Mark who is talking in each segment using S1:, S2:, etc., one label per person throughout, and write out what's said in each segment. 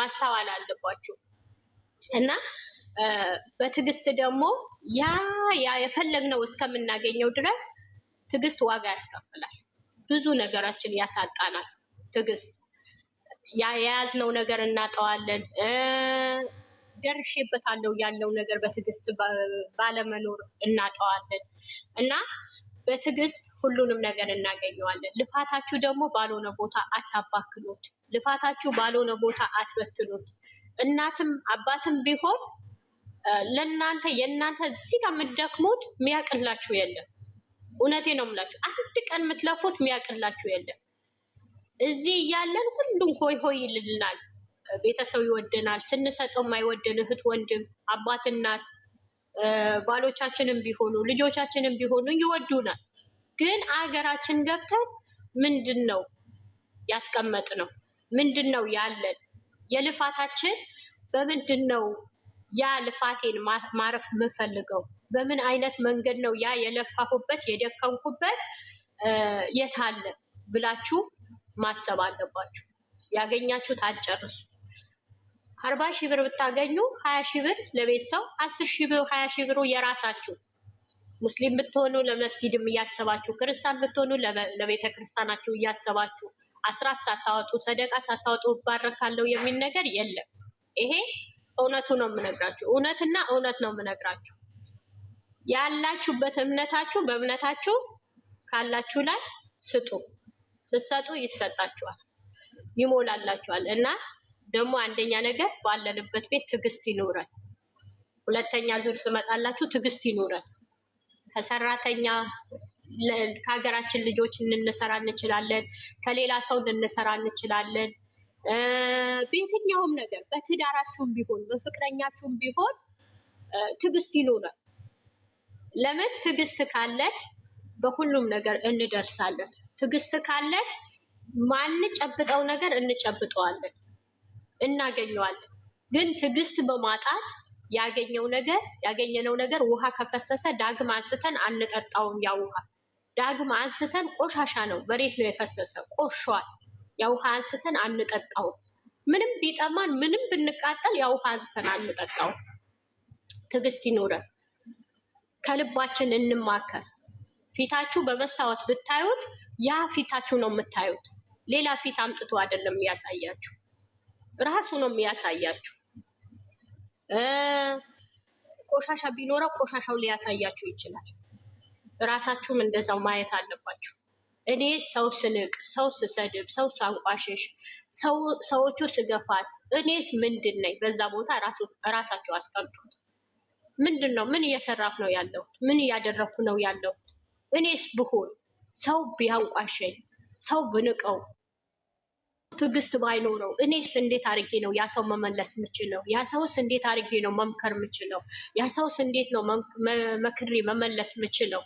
S1: ማስተዋል አለባችሁ እና በትዕግስት ደግሞ ያ ያ የፈለግነው እስከምናገኘው ድረስ ትዕግስት ዋጋ ያስከፍላል። ብዙ ነገራችን ያሳጣናል። ትዕግስት ያ የያዝነው ነገር እናጠዋለን። ደርሼበታለሁ ያለው ነገር በትዕግስት ባለመኖር እናጠዋለን እና በትዕግስት ሁሉንም ነገር እናገኘዋለን። ልፋታችሁ ደግሞ ባልሆነ ቦታ አታባክኑት። ልፋታችሁ ባልሆነ ቦታ አትበትኑት። እናትም አባትም ቢሆን ለእናንተ የእናንተ እዚህ ጋር የምትደክሙት የሚያቅላችሁ የለም። እውነቴ ነው የምላችሁ፣ አንድ ቀን የምትለፉት የሚያቅላችሁ የለም። እዚህ እያለን ሁሉም ሆይ ሆይ ይልልናል። ቤተሰብ ይወደናል። ስንሰጠው የማይወደን እህት ወንድም፣ አባት እናት ባሎቻችንም ቢሆኑ ልጆቻችንም ቢሆኑ ይወዱናል። ግን አገራችን ገብተን ምንድን ነው ያስቀመጥ ነው? ምንድን ነው ያለን የልፋታችን በምንድን ነው ያ ልፋቴን ማረፍ የምፈልገው? በምን አይነት መንገድ ነው ያ የለፋሁበት የደከምኩበት የታለ ብላችሁ ማሰብ አለባችሁ። ያገኛችሁት አጨርሱ። አርባ ሺህ ብር ብታገኙ ሀያ ሺህ ብር ለቤት ሰው፣ አስር ሺህ ብር ሀያ ሺህ ብሩ የራሳችሁ ሙስሊም ብትሆኑ ለመስጊድም እያሰባችሁ፣ ክርስቲያን ብትሆኑ ለቤተ ክርስቲያናችሁ እያሰባችሁ አስራት ሳታወጡ ሰደቃ ሳታወጡ እባረካለሁ የሚል ነገር የለም። ይሄ እውነቱ ነው የምነግራችሁ። እውነትና እውነት ነው የምነግራችሁ። ያላችሁበት እምነታችሁ በእምነታችሁ ካላችሁ ላይ ስጡ። ስትሰጡ ይሰጣችኋል፣ ይሞላላችኋል። እና ደግሞ አንደኛ ነገር ባለንበት ቤት ትዕግስት ይኑረን። ሁለተኛ ዙር ስመጣላችሁ ትዕግስት ይኑረን። ከሰራተኛ ከሀገራችን ልጆች ልንሰራ እንችላለን፣ ከሌላ ሰው ልንሰራ እንችላለን። በየትኛውም ነገር በትዳራችሁም ቢሆን በፍቅረኛችሁም ቢሆን ትዕግስት ይኖራል። ለምን ትዕግስት ካለን በሁሉም ነገር እንደርሳለን። ትዕግስት ካለን ማንጨብጠው ነገር እንጨብጠዋለን፣ እናገኘዋለን። ግን ትዕግስት በማጣት ያገኘው ነገር ያገኘነው ነገር ውሃ ከፈሰሰ ዳግም አንስተን አንጠጣውም። ያ ውሃ ዳግም አንስተን ቆሻሻ ነው፣ መሬት ነው የፈሰሰ ቆሻል። ያ ውሃ አንስተን አንጠጣውም። ምንም ቢጠማን፣ ምንም ብንቃጠል፣ ያ ውሃ አንስተን አንጠጣውም። ትዕግስት ይኖረን፣ ከልባችን እንማከር። ፊታችሁ በመስታወት ብታዩት ያ ፊታችሁ ነው የምታዩት። ሌላ ፊት አምጥቶ አይደለም የሚያሳያችሁ፣ ራሱ ነው የሚያሳያችሁ። ቆሻሻ ቢኖረው ቆሻሻው ሊያሳያችሁ ይችላል። እራሳችሁም እንደዛው ማየት አለባችሁ። እኔ ሰው ስንቅ፣ ሰው ስሰድብ፣ ሰው ሳንቋሽሽ፣ ሰዎቹ ስገፋስ እኔስ ምንድን ነኝ? በዛ ቦታ እራሳችሁ አስቀምጡት። ምንድን ነው? ምን እየሰራሁ ነው ያለሁት? ምን እያደረግኩ ነው ያለሁት? እኔስ ብሆን ሰው ቢያንቋሸኝ፣ ሰው ብንቀው ትዕግስት ባይኖረው እኔስ እንዴት አድርጌ ነው ያ ሰው መመለስ የምችለው? ያ ሰውስ እንዴት አድርጌ ነው መምከር የምችለው? ያ ሰውስ እንዴት ነው መክሬ መመለስ የምችለው?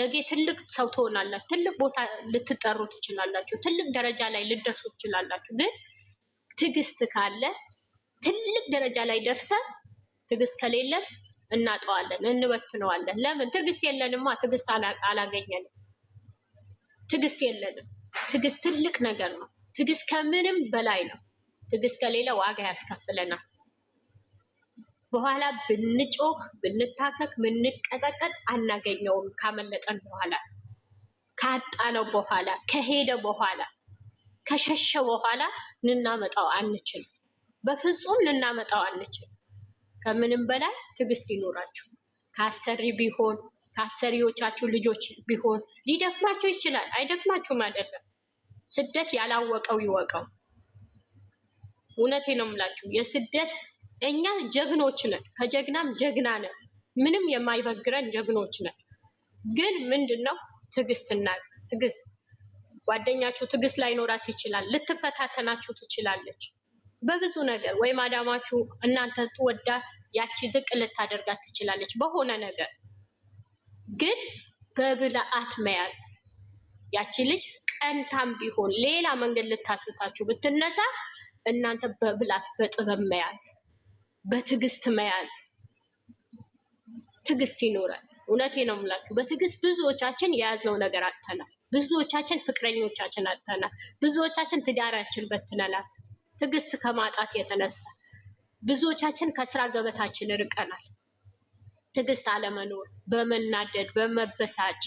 S1: ነገ ትልቅ ሰው ትሆናላችሁ፣ ትልቅ ቦታ ልትጠሩ ትችላላችሁ፣ ትልቅ ደረጃ ላይ ልደርሱ ትችላላችሁ። ግን ትዕግስት ካለ ትልቅ ደረጃ ላይ ደርሰ ትዕግስት ከሌለን እናጠዋለን፣ እንበትነዋለን። ለምን ትዕግስት የለንማ? ትዕግስት አላገኘንም፣ ትዕግስት የለንም። ትዕግስት ትልቅ ነገር ነው። ትዕግስት ከምንም በላይ ነው። ትዕግስት ከሌለ ዋጋ ያስከፍለናል። በኋላ ብንጮህ፣ ብንታከክ፣ ብንቀጠቀጥ አናገኘውም። ካመለጠን በኋላ ካጣነው በኋላ ከሄደ በኋላ ከሸሸ በኋላ ልናመጣው አንችል፣ በፍጹም ልናመጣው አንችል። ከምንም በላይ ትዕግስት ይኖራችሁ። ከአሰሪ ቢሆን ከአሰሪዎቻችሁ ልጆች ቢሆን ሊደክማቸው ይችላል። አይደክማችሁም አይደለም። ስደት ያላወቀው ይወቀው። እውነቴ ነው የምላችሁ። የስደት እኛ ጀግኖች ነን፣ ከጀግናም ጀግና ነን። ምንም የማይበግረን ጀግኖች ነን። ግን ምንድን ነው ትዕግስትና ትዕግስት። ጓደኛችሁ ትዕግስት ላይኖራት ይችላል። ልትፈታተናችሁ ትችላለች በብዙ ነገር። ወይም አዳማችሁ እናንተ ትወዳ ያቺ ዝቅ ልታደርጋት ትችላለች በሆነ ነገር ግን በብልአት መያዝ ያቺ ልጅ ቀንታም ቢሆን ሌላ መንገድ ልታስታችሁ ብትነሳ እናንተ በብላት በጥበብ መያዝ በትዕግስት መያዝ ትዕግስት ይኖራል። እውነቴ ነው የምላችሁ። በትዕግስት ብዙዎቻችን የያዝነው ነገር አጥተናል። ብዙዎቻችን ፍቅረኞቻችን አጥተናል። ብዙዎቻችን ትዳራችን በትነናል። ትዕግስት ከማጣት የተነሳ ብዙዎቻችን ከስራ ገበታችን ርቀናል። ትዕግስት አለመኖር፣ በመናደድ በመበሳጭ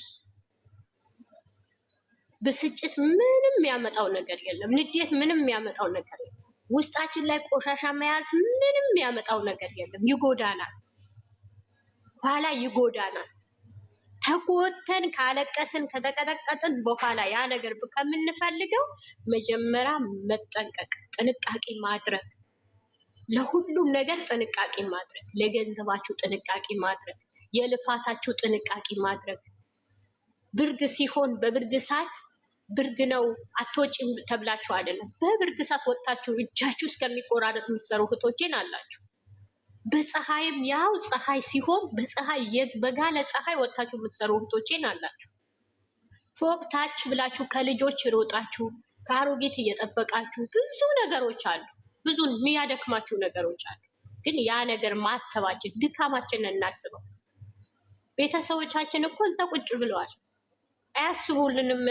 S1: ብስጭት ምንም የሚያመጣው ነገር የለም። ንዴት ምንም የሚያመጣው ነገር የለም። ውስጣችን ላይ ቆሻሻ መያዝ ምንም የሚያመጣው ነገር የለም። ይጎዳናል፣ ኋላ ይጎዳናል። ተጎተን ካለቀስን ከተቀጠቀጥን በኋላ ያ ነገር ከምንፈልገው መጀመሪያ መጠንቀቅ፣ ጥንቃቄ ማድረግ ለሁሉም ነገር ጥንቃቄ ማድረግ፣ ለገንዘባችሁ ጥንቃቄ ማድረግ፣ የልፋታችሁ ጥንቃቄ ማድረግ። ብርድ ሲሆን በብርድ ሰዓት ብርድ ነው አትወጪም ተብላችሁ አይደለም። በብርድ ሰዓት ወጥታችሁ እጃችሁ እስከሚቆራረጥ የምትሰሩ እህቶቼን አላችሁ። በፀሐይም ያው ፀሐይ ሲሆን በፀሐይ በጋለ ፀሐይ ወጥታችሁ የምትሰሩ እህቶቼን አላችሁ። ፎቅ ታች ብላችሁ ከልጆች ሮጣችሁ ከአሮጌት እየጠበቃችሁ ብዙ ነገሮች አሉ። ብዙ የሚያደክማቸው ነገሮች አሉ። ግን ያ ነገር ማሰባችን ድካማችንን እናስበው። ቤተሰቦቻችን እኮ እዛ ቁጭ ብለዋል፣ አያስቡልንም።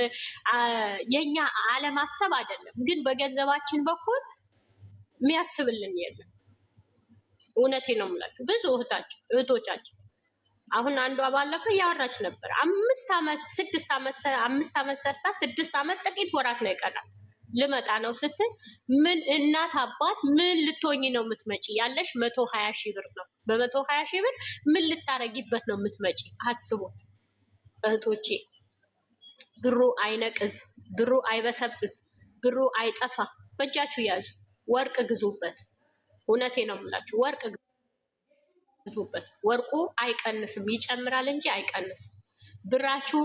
S1: የኛ አለማሰብ አይደለም፣ ግን በገንዘባችን በኩል የሚያስብልን የለም። እውነቴ ነው የምላችሁ። ብዙ እህቶቻችን አሁን አንዷ ባለፈ ያወራች ነበር። አምስት ዓመት ስድስት ዓመት አምስት ዓመት ሰርታ ስድስት ዓመት ጥቂት ወራት ነው ይቀራል። ልመጣ ነው ስትል ምን እናት አባት ምን ልትሆኝ ነው የምትመጪ? ያለሽ መቶ ሀያ ሺህ ብር ነው። በመቶ ሀያ ሺህ ብር ምን ልታረጊበት ነው የምትመጪ? አስቡት እህቶቼ። ብሩ አይነቅዝ፣ ብሩ አይበሰብስ፣ ብሩ አይጠፋ። በእጃችሁ ያዙ፣ ወርቅ ግዙበት። እውነቴ ነው የምላችሁ ወርቅ ግዙበት። ወርቁ አይቀንስም፣ ይጨምራል እንጂ አይቀንስም። ብራችሁ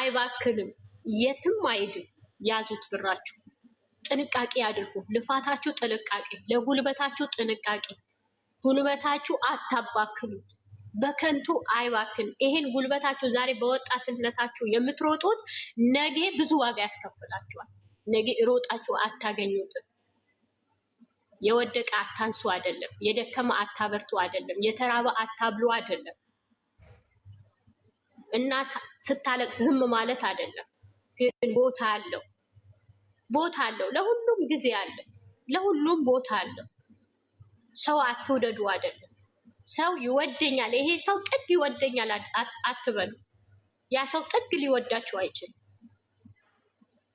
S1: አይባክንም፣ የትም አይድም። ያዙት ብራችሁ። ጥንቃቄ አድርጉ። ልፋታችሁ ጥንቃቄ፣ ለጉልበታችሁ ጥንቃቄ። ጉልበታችሁ አታባክኑ፣ በከንቱ አይባክን። ይሄን ጉልበታችሁ ዛሬ በወጣትነታችሁ የምትሮጡት ነገ ብዙ ዋጋ ያስከፍላችኋል። ነገ ሮጣችሁ አታገኙትም። የወደቀ አታንሱ አይደለም፣ የደከመ አታበርቱ አይደለም፣ የተራበ አታብሉ አይደለም። እናት ስታለቅስ ዝም ማለት አይደለም፣ ግን ቦታ አለው። ቦታ አለው። ለሁሉም ጊዜ አለው። ለሁሉም ቦታ አለው። ሰው አትውደዱ አይደለም። ሰው ይወደኛል፣ ይሄ ሰው ጥግ ይወደኛል አትበሉ። ያ ሰው ጥግ ሊወዳችሁ አይችልም።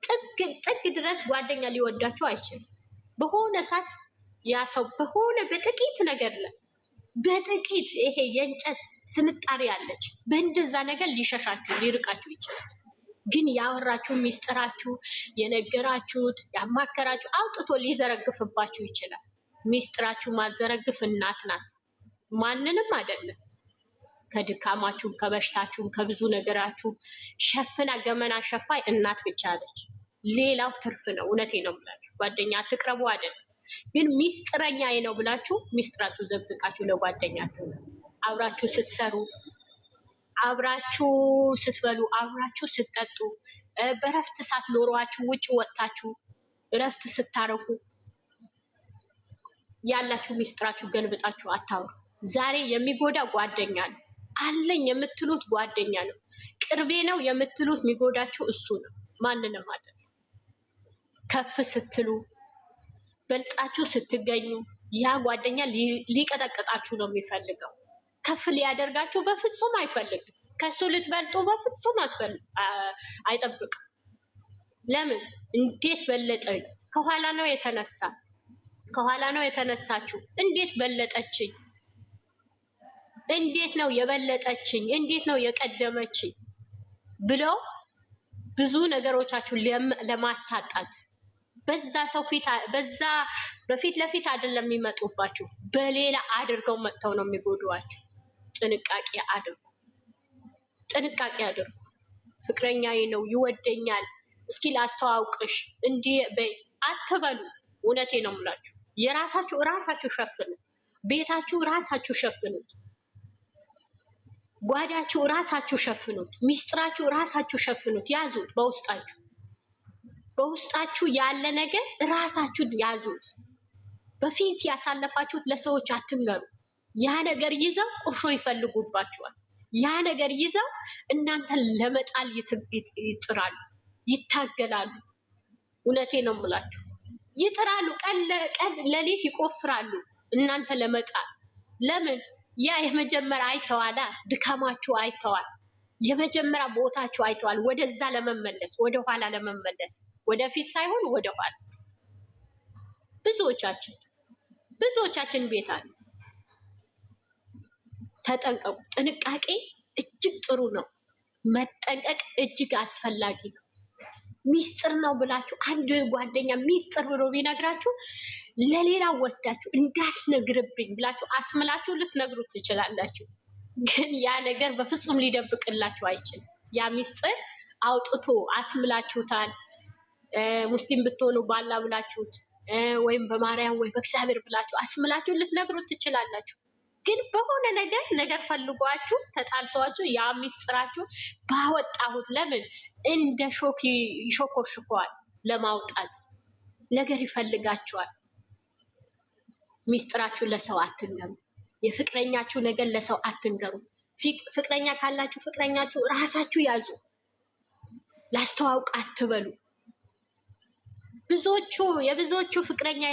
S1: ጥግ ጥግ ድረስ ጓደኛ ሊወዳችሁ አይችልም። በሆነ ሰዓት ያ ሰው በሆነ በጥቂት ነገር ላይ በጥቂት ይሄ የእንጨት ስንጣሪ አለች፣ በእንደዛ ነገር ሊሸሻችሁ ሊርቃችሁ ይችላል። ግን ያወራችሁ ሚስጥራችሁ የነገራችሁት ያማከራችሁ አውጥቶ ሊዘረግፍባችሁ ይችላል። ሚስጥራችሁ ማዘረግፍ እናት ናት፣ ማንንም አይደለም። ከድካማችሁም ከበሽታችሁም ከብዙ ነገራችሁም ሸፍና ገመና ሸፋይ እናት ብቻ አለች። ሌላው ትርፍ ነው። እውነቴ ነው ብላችሁ ጓደኛ አትቅረቡ አይደለም ግን ሚስጥረኛዬ ነው ብላችሁ ሚስጥራችሁ ዘግዝቃችሁ ለጓደኛችሁ አብራችሁ ስትሰሩ አብራችሁ ስትበሉ፣ አብራችሁ ስትጠጡ፣ በእረፍት ሰዓት ኖሯችሁ ውጭ ወጥታችሁ እረፍት ስታረጉ ያላችሁ ሚስጥራችሁ ገልብጣችሁ አታውሩ። ዛሬ የሚጎዳ ጓደኛ ነው አለኝ የምትሉት ጓደኛ ነው፣ ቅርቤ ነው የምትሉት የሚጎዳችሁ እሱ ነው። ማንንም አለ ከፍ ስትሉ በልጣችሁ ስትገኙ ያ ጓደኛ ሊቀጠቅጣችሁ ነው የሚፈልገው። ከፍ ሊያደርጋችሁ በፍጹም አይፈልግም። ከሱ ልትበልጡ በፍጹም አይጠብቅም። ለምን እንዴት በለጠኝ? ከኋላ ነው የተነሳ ከኋላ ነው የተነሳችሁ። እንዴት በለጠችኝ? እንዴት ነው የበለጠችኝ? እንዴት ነው የቀደመችኝ ብለው ብዙ ነገሮቻችሁን ለማሳጣት በዛ ሰው ፊት በዛ በፊት ለፊት አይደለም የሚመጡባችሁ፣ በሌላ አድርገው መጥተው ነው የሚጎዱዋችሁ። ጥንቃቄ አድርጉ፣ ጥንቃቄ አድርጉ። ፍቅረኛዬ ነው ይወደኛል፣ እስኪ ላስተዋውቅሽ እንዲህ አትበሉ። እውነቴ ነው የምላችሁ። የራሳችሁ ራሳችሁ ሸፍኑ፣ ቤታችሁ ራሳችሁ ሸፍኑት፣ ጓዳችሁ ራሳችሁ ሸፍኑት፣ ሚስጥራችሁ ራሳችሁ ሸፍኑት። ያዙት በውስጣችሁ በውስጣችሁ ያለ ነገር ራሳችሁን ያዙት። በፊት ያሳለፋችሁት ለሰዎች አትንገሩ። ያ ነገር ይዘው ቁርሾ ይፈልጉባቸዋል። ያ ነገር ይዘው እናንተን ለመጣል ይጥራሉ፣ ይታገላሉ። እውነቴ ነው የምላችሁ ይጥራሉ። ቀን ለቀን ይቆፍራሉ እናንተ ለመጣል። ለምን ያ የመጀመሪያ አይተዋላ፣ ድካማችሁ አይተዋል፣ የመጀመሪያ ቦታችሁ አይተዋል። ወደዛ ለመመለስ ወደኋላ ለመመለስ ወደፊት ሳይሆን ወደኋላ ብዙዎቻችን ብዙዎቻችን ቤት አለ ተጠንቀቁ። ጥንቃቄ እጅግ ጥሩ ነው። መጠንቀቅ እጅግ አስፈላጊ ነው። ሚስጥር ነው ብላችሁ አንድ ጓደኛ ሚስጥር ብሎ ቢነግራችሁ ለሌላ ወስዳችሁ እንዳትነግርብኝ ብላችሁ አስምላችሁ ልትነግሩት ትችላላችሁ። ግን ያ ነገር በፍጹም ሊደብቅላችሁ አይችልም። ያ ሚስጥር አውጥቶ አስምላችሁታል። ሙስሊም ብትሆኑ ባላ ብላችሁት ወይም በማርያም ወይ በእግዚአብሔር ብላችሁ አስምላችሁ ልትነግሩት ትችላላችሁ። ግን በሆነ ነገር ነገር ፈልጓችሁ ተጣልተዋችሁ ያ ሚስጥራችሁ ባወጣሁት ለምን እንደ ሾክ ይሾኮሽከዋል። ለማውጣት ነገር ይፈልጋቸዋል። ሚስጥራችሁን ለሰው አትንገሩ። የፍቅረኛችሁ ነገር ለሰው አትንገሩ። ፍቅረኛ ካላችሁ ፍቅረኛችሁ ራሳችሁ ያዙ። ላስተዋውቅ አትበሉ። ብዙዎቹ የብዙዎቹ ፍቅረኛ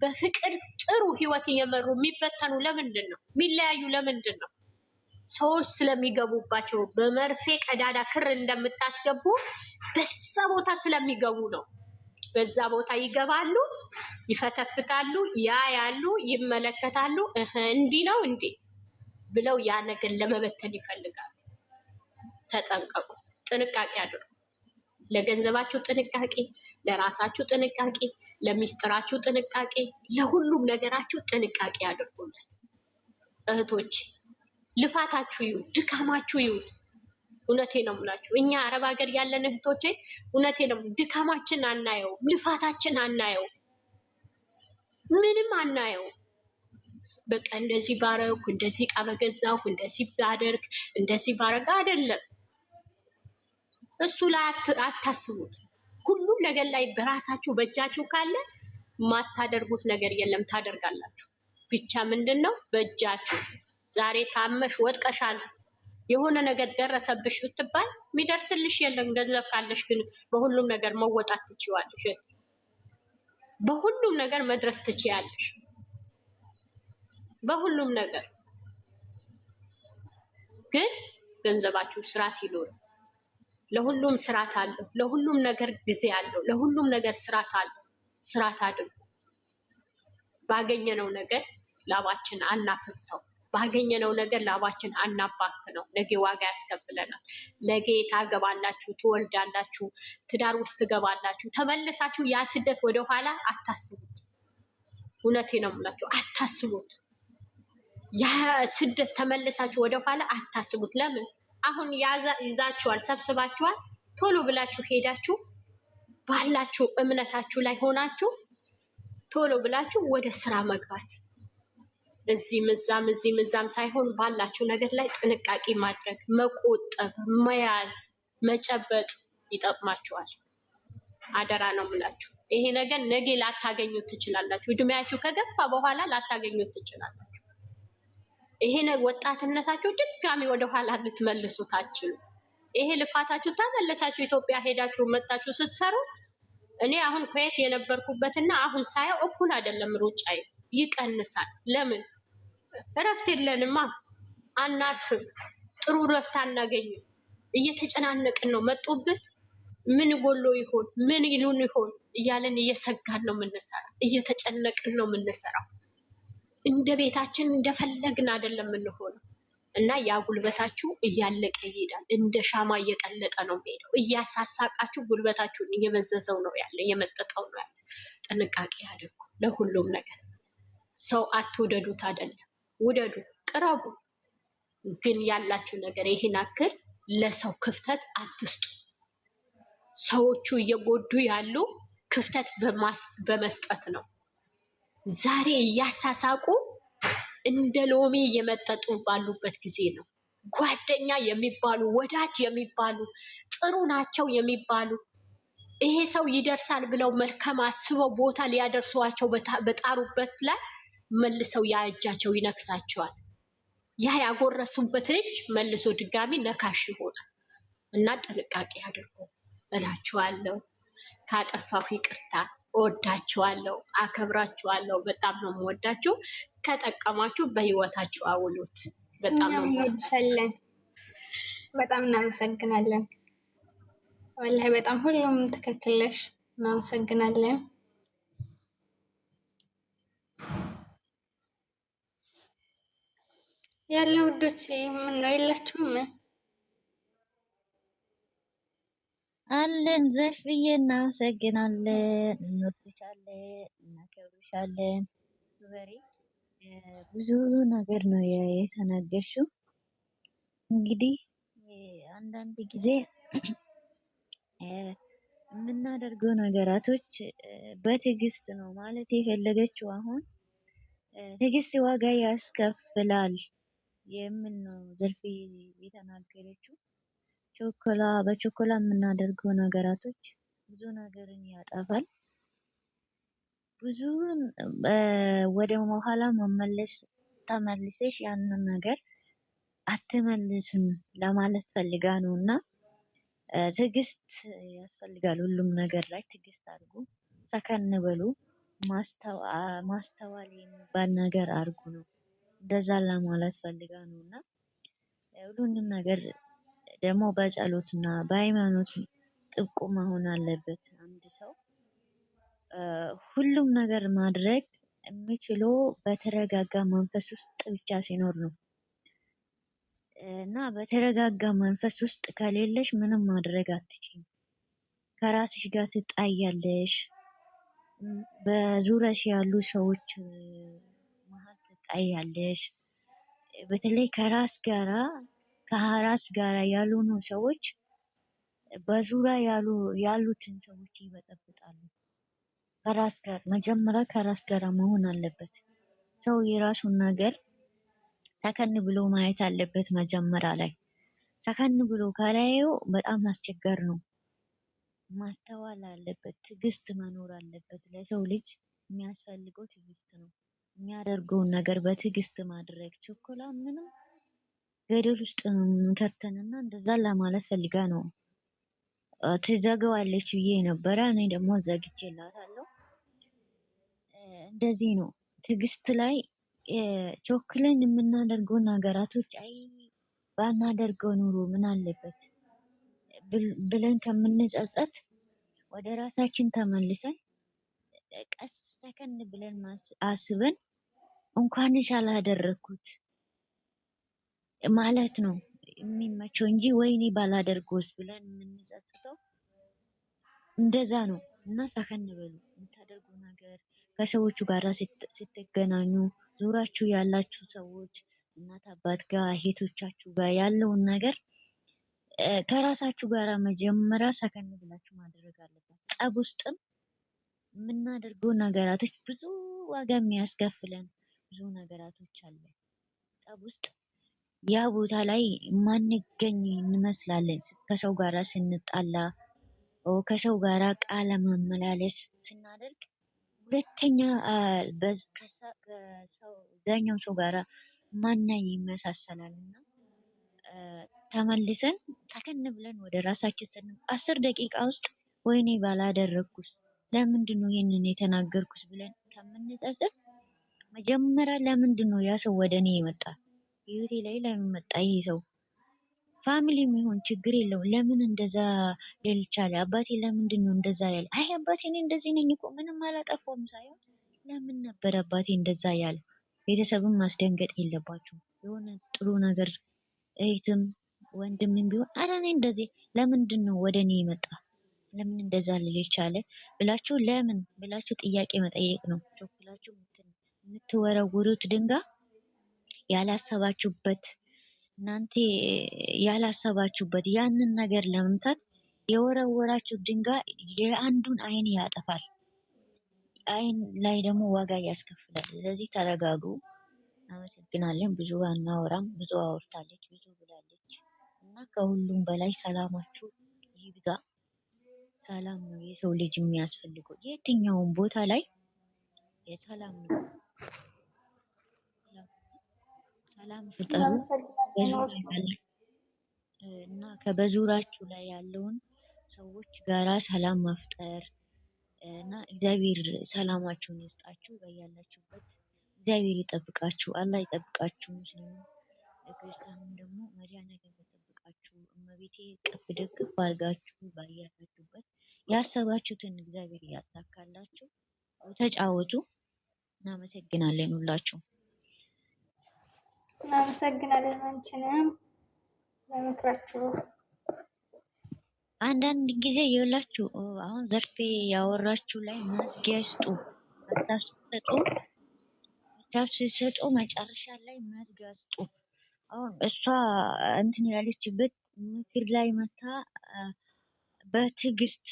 S1: በፍቅር ጥሩ ህይወት እየመሩ የሚበተኑ ለምንድን ነው? የሚለያዩ ለምንድን ነው? ሰዎች ስለሚገቡባቸው በመርፌ ቀዳዳ ክር እንደምታስገቡ በዛ ቦታ ስለሚገቡ ነው። በዛ ቦታ ይገባሉ፣ ይፈተፍታሉ፣ ያያሉ፣ ይመለከታሉ። እንዲህ ነው እንዴ ብለው ያ ነገር ለመበተን ይፈልጋሉ። ተጠንቀቁ፣ ጥንቃቄ አድርጉ። ለገንዘባችሁ ጥንቃቄ፣ ለራሳችሁ ጥንቃቄ፣ ለሚስጥራችሁ ጥንቃቄ፣ ለሁሉም ነገራችሁ ጥንቃቄ አድርጉለት እህቶች። ልፋታችሁ ይሁን፣ ድካማችሁ ይሁን። እውነቴ ነው ምላችሁ እኛ አረብ ሀገር ያለን እህቶቼ እውነቴ ነው። ድካማችን አናየው፣ ልፋታችን አናየው፣ ምንም አናየው። በቃ እንደዚህ ባረኩ፣ እንደዚህ እቃ በገዛሁ፣ እንደዚህ ባደርግ፣ እንደዚህ ባረግ አይደለም እሱ ላይ አታስቡት። ሁሉም ነገር ላይ በራሳችሁ በእጃችሁ ካለ ማታደርጉት ነገር የለም፣ ታደርጋላችሁ። ብቻ ምንድን ነው በእጃችሁ። ዛሬ ታመሽ ወጥቀሻል፣ የሆነ ነገር ደረሰብሽ ብትባል የሚደርስልሽ የለም። ገንዘብ ካለሽ ግን በሁሉም ነገር መወጣት ትችያለሽ፣ በሁሉም ነገር መድረስ ትችያለሽ። በሁሉም ነገር ግን ገንዘባችሁ ስርዓት ይኖር ለሁሉም ስርዓት አለው። ለሁሉም ነገር ጊዜ አለው። ለሁሉም ነገር ስርዓት አለው። ስርዓት አድርጉ። ባገኘነው ነገር ላባችን አናፍሰው። ባገኘነው ነገር ላባችን አናባክነው። ነገ ዋጋ ያስከፍለናል። ነገ ታገባላችሁ፣ ትወልዳላችሁ፣ ትዳር ውስጥ ትገባላችሁ። ተመልሳችሁ ያ ስደት ወደኋላ አታስቡት። እውነቴ ነው የምላችሁ፣ አታስቡት። ያ ስደት ተመልሳችሁ ወደኋላ አታስቡት። ለምን አሁን ይዛችኋል፣ ሰብስባችኋል። ቶሎ ብላችሁ ሄዳችሁ ባላችሁ እምነታችሁ ላይ ሆናችሁ ቶሎ ብላችሁ ወደ ስራ መግባት እዚህም እዛም እዚህም እዛም ሳይሆን ባላችሁ ነገር ላይ ጥንቃቄ ማድረግ፣ መቆጠብ፣ መያዝ፣ መጨበጥ ይጠቅማችኋል። አደራ ነው የምላችሁ። ይሄ ነገር ነገ ላታገኙት ትችላላችሁ። እድሜያችሁ ከገፋ በኋላ ላታገኙት ትችላላችሁ። ይሄ ወጣትነታችሁ ድጋሚ ወደ ልትመልሱት አትችሉ። ይሄ ልፋታችሁ ተመለሳችሁ ኢትዮጵያ ሄዳችሁ መጣችሁ ስትሰሩ እኔ አሁን ኩዌት የነበርኩበትና አሁን ሳየው እኩል አይደለም። ሩጫዬ ይቀንሳል። ለምን እረፍት የለንማ፣ አናርፍም፣ ጥሩ እረፍት አናገኝም። እየተጨናነቅን ነው። መጡብን፣ ምን ጎሎ ይሆን ምን ይሉን ይሆን እያለን እየሰጋን ነው የምንሰራው፣ እየተጨነቅን ነው የምንሰራው። እንደ ቤታችን እንደፈለግን አይደለም የምንሆነው እና ያ ጉልበታችሁ እያለቀ ይሄዳል። እንደ ሻማ እየቀለጠ ነው የሚሄደው። እያሳሳቃችሁ ጉልበታችሁን እየመዘዘው ነው ያለ፣ እየመጠጠው ነው ያለ። ጥንቃቄ አድርጉ ለሁሉም ነገር። ሰው አትውደዱት አይደለም ውደዱ፣ ቅረቡ፣ ግን ያላችሁ ነገር ይህን አክል ለሰው ክፍተት አትስጡ። ሰዎቹ እየጎዱ ያሉ ክፍተት በመስጠት ነው። ዛሬ እያሳሳቁ እንደ ሎሚ እየመጠጡ ባሉበት ጊዜ ነው። ጓደኛ የሚባሉ ወዳጅ የሚባሉ ጥሩ ናቸው የሚባሉ ይሄ ሰው ይደርሳል ብለው መልካም አስበው ቦታ ሊያደርሷቸው በጣሩበት ላይ መልሰው ያ እጃቸው ይነክሳቸዋል። ያ ያጎረሱበት እጅ መልሶ ድጋሚ ነካሽ ይሆናል እና ጥንቃቄ አድርጎ እላችኋለሁ። ካጠፋሁ ይቅርታ እወዳችኋለሁ፣ አከብራችኋለሁ። በጣም ነው የምወዳችሁ። ከጠቀማችሁ በህይወታችሁ አውሉት።
S2: በጣም ነው የምወድሻለን። በጣም እናመሰግናለን። ወላሂ በጣም ሁሉም ትክክል እናመሰግናለን። ያለ ውዶች ምን ነው የላችሁም? አለን ዘርፍዬ፣ እናመሰግናለን፣ እንወድሻለን፣ እናከብርሻለን። ክበሪ። ብዙ ነገር ነው የ- የተናገርሽው። እንግዲህ አንዳንድ ጊዜ የምናደርገው ነገራቶች በትዕግስት ነው ማለት የፈለገችው አሁን ትግስት ትዕግስት ዋጋ ያስከፍላል የምን ነው ዘርፍዬ የተናገረችው። ቾኮላ በቾኮላ የምናደርገው ነገራቶች ብዙ ነገርን ያጠፋል። ብዙውን ወደ ኋላ መመለስ ተመልሰሽ ያንን ነገር አትመልስም ለማለት ፈልጋ ነው እና ትዕግስት ያስፈልጋል። ሁሉም ነገር ላይ ትዕግስት አድርጉ፣ ሰከን በሉ፣ ማስተዋል የሚባል ነገር አድርጉ ነው። እንደዛ ለማለት ፈልጋ ነው እና ሁሉንም ነገር ደግሞ በጸሎትና በሃይማኖት ጥብቁ መሆን አለበት። አንድ ሰው ሁሉም ነገር ማድረግ የሚችሎ በተረጋጋ መንፈስ ውስጥ ብቻ ሲኖር ነው እና በተረጋጋ መንፈስ ውስጥ ከሌለሽ ምንም ማድረግ አትችይም። ከራስሽ ጋር ትጣያለሽ። በዙሪያሽ ያሉ ሰዎች መሀል ትጣያለሽ። በተለይ ከራስ ጋራ ከራስ ጋር ያልሆኑ ሰዎች በዙሪያ ያሉ ያሉትን ሰዎች ይበጠብጣሉ። ከራስ ጋር መጀመሪያ ከራስ ጋር መሆን አለበት። ሰው የራሱን ነገር ሰከን ብሎ ማየት አለበት። መጀመሪያ ላይ ሰከን ብሎ ካላየው በጣም አስቸጋሪ ነው። ማስተዋል አለበት። ትዕግስት መኖር አለበት። ለሰው ልጅ የሚያስፈልገው ትዕግስት ነው። የሚያደርገውን ነገር በትዕግስት ማድረግ ችኮላ ምንም ገደል ውስጥ ከተንና እንደዛ ለማለት ፈልጋ ነው። ትዘጋዋለች ብዬ ነበረ። እኔ ደግሞ ዘግቼላታለሁ። እንደዚህ ነው ትዕግስት ላይ ቾክለን የምናደርገው ነገራቶች አይ ባናደርገው ኑሮ ምን አለበት ብለን ከምንጸጸት ወደ ራሳችን ተመልሰን ቀስ ሰከን ብለን አስበን እንኳንሽ አላደረግኩት ማለት ነው የሚመቸው እንጂ ወይኔ ባላደርገውስ ብለን የምንጸጽተው እንደዛ ነው። እና ሰከን በሉ የምታደርጉ ነገር ከሰዎቹ ጋር ስትገናኙ ዙራችሁ ያላችሁ ሰዎች እናት አባት ጋር እህቶቻችሁ ጋር ያለውን ነገር ከራሳችሁ ጋር መጀመሪያ ሰከን ብላችሁ ማድረግ አለባችሁ። ጸብ ውስጥም የምናደርገው ነገራቶች ብዙ ዋጋ የሚያስከፍለን ብዙ ነገራቶች አለ ጸብ ውስጥ ያ ቦታ ላይ ማንገኝ እንመስላለን። ከሰው ጋራ ስንጣላ፣ ከሰው ጋራ ቃለ መመላለስ ስናደርግ ሁለተኛ ከዛኛው ሰው ጋራ ማናኝ ይመሳሰላል እና ተመልሰን ተከን ብለን ወደ ራሳችን ስን አስር ደቂቃ ውስጥ ወይኔ ባላደረግኩስ ለምንድን ነው ይህንን የተናገርኩስ ብለን ከምንጸጸት መጀመሪያ ለምንድን ነው ያ ሰው ወደ እኔ የመጣ ህይወቴ ላይ ለምን መጣ ይሄ ሰው? ፋሚሊ የሚሆን ችግር የለውም። ለምን እንደዛ ልልቻለ? አባቴ ለምንድን ነው እንደዛ ያለ? አይ አባቴ እኔ እንደዚህ ነኝ እኮ ምንም አላጠፋውም ሳይሆን ለምን ነበር አባቴ እንደዛ ያለ? ቤተሰብም ማስደንገጥ የለባቸው። የሆነ ጥሩ ነገር እህትም ወንድምም ቢሆን አረ እኔ እንደዚህ ለምንድን ነው ወደ እኔ የመጣ ለምን እንደዛ ልልቻለ ብላችሁ ለምን ብላችሁ ጥያቄ መጠየቅ ነው። ቸኩላችሁ የምትወረውሩት ድንጋይ ያላሰባችሁበት እናንተ ያላሰባችሁበት ያንን ነገር ለመምታት የወረወራችሁ ድንጋይ የአንዱን አይን ያጠፋል፣ አይን ላይ ደግሞ ዋጋ ያስከፍላል። ስለዚህ ተረጋጉ። አመሰግናለን። ብዙ አናወራም፣ ብዙ አወርታለች፣ ብዙ ብላለች እና ከሁሉም በላይ ሰላማችሁ ይብዛ። ሰላም ነው የሰው ልጅ የሚያስፈልገው የትኛውም ቦታ ላይ የሰላም ነው። ሰላም ፍጠሩ እና ከበዙራችሁ ላይ ያለውን ሰዎች ጋራ ሰላም መፍጠር እና እግዚአብሔር ሰላማችሁን ይስጣችሁ። በያላችሁበት እግዚአብሔር ይጠብቃችሁ። አላህ ይጠብቃችሁ። ሙስሊሙ ክርስቲያኑም ደግሞ መድኃኒዓለም ይጠብቃችሁ። እመቤቴ ቅፍ ደግፍ አድርጋችሁ ባያላችሁበት ያሰባችሁትን እግዚአብሔር ያሳካላችሁ። ተጫወቱ። እናመሰግናለን ሁላችሁ። እናመሰግናለን አንቺንም ለምክራችሁ። አንዳንድ ጊዜ የላችሁ አሁን ዘርፌ ያወራችሁ ላይ መዝጊያ ስጡ፣ ሀሳብ ሀሳብ ሲሰጡ መጨረሻ ላይ መዝጊያ ስጡ። አሁን እሷ እንትን ያለችበት ምክር ላይ መታ በትዕግስት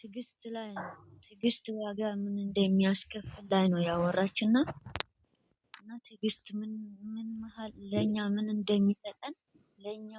S2: ትዕግስት ላይ ትዕግስት ዋጋ ምን እንደሚያስከፍል ላይ ነው ያወራች እና ትዕግስት ምን ያህል ለእኛ ምን እንደሚሰጠን ለእኛ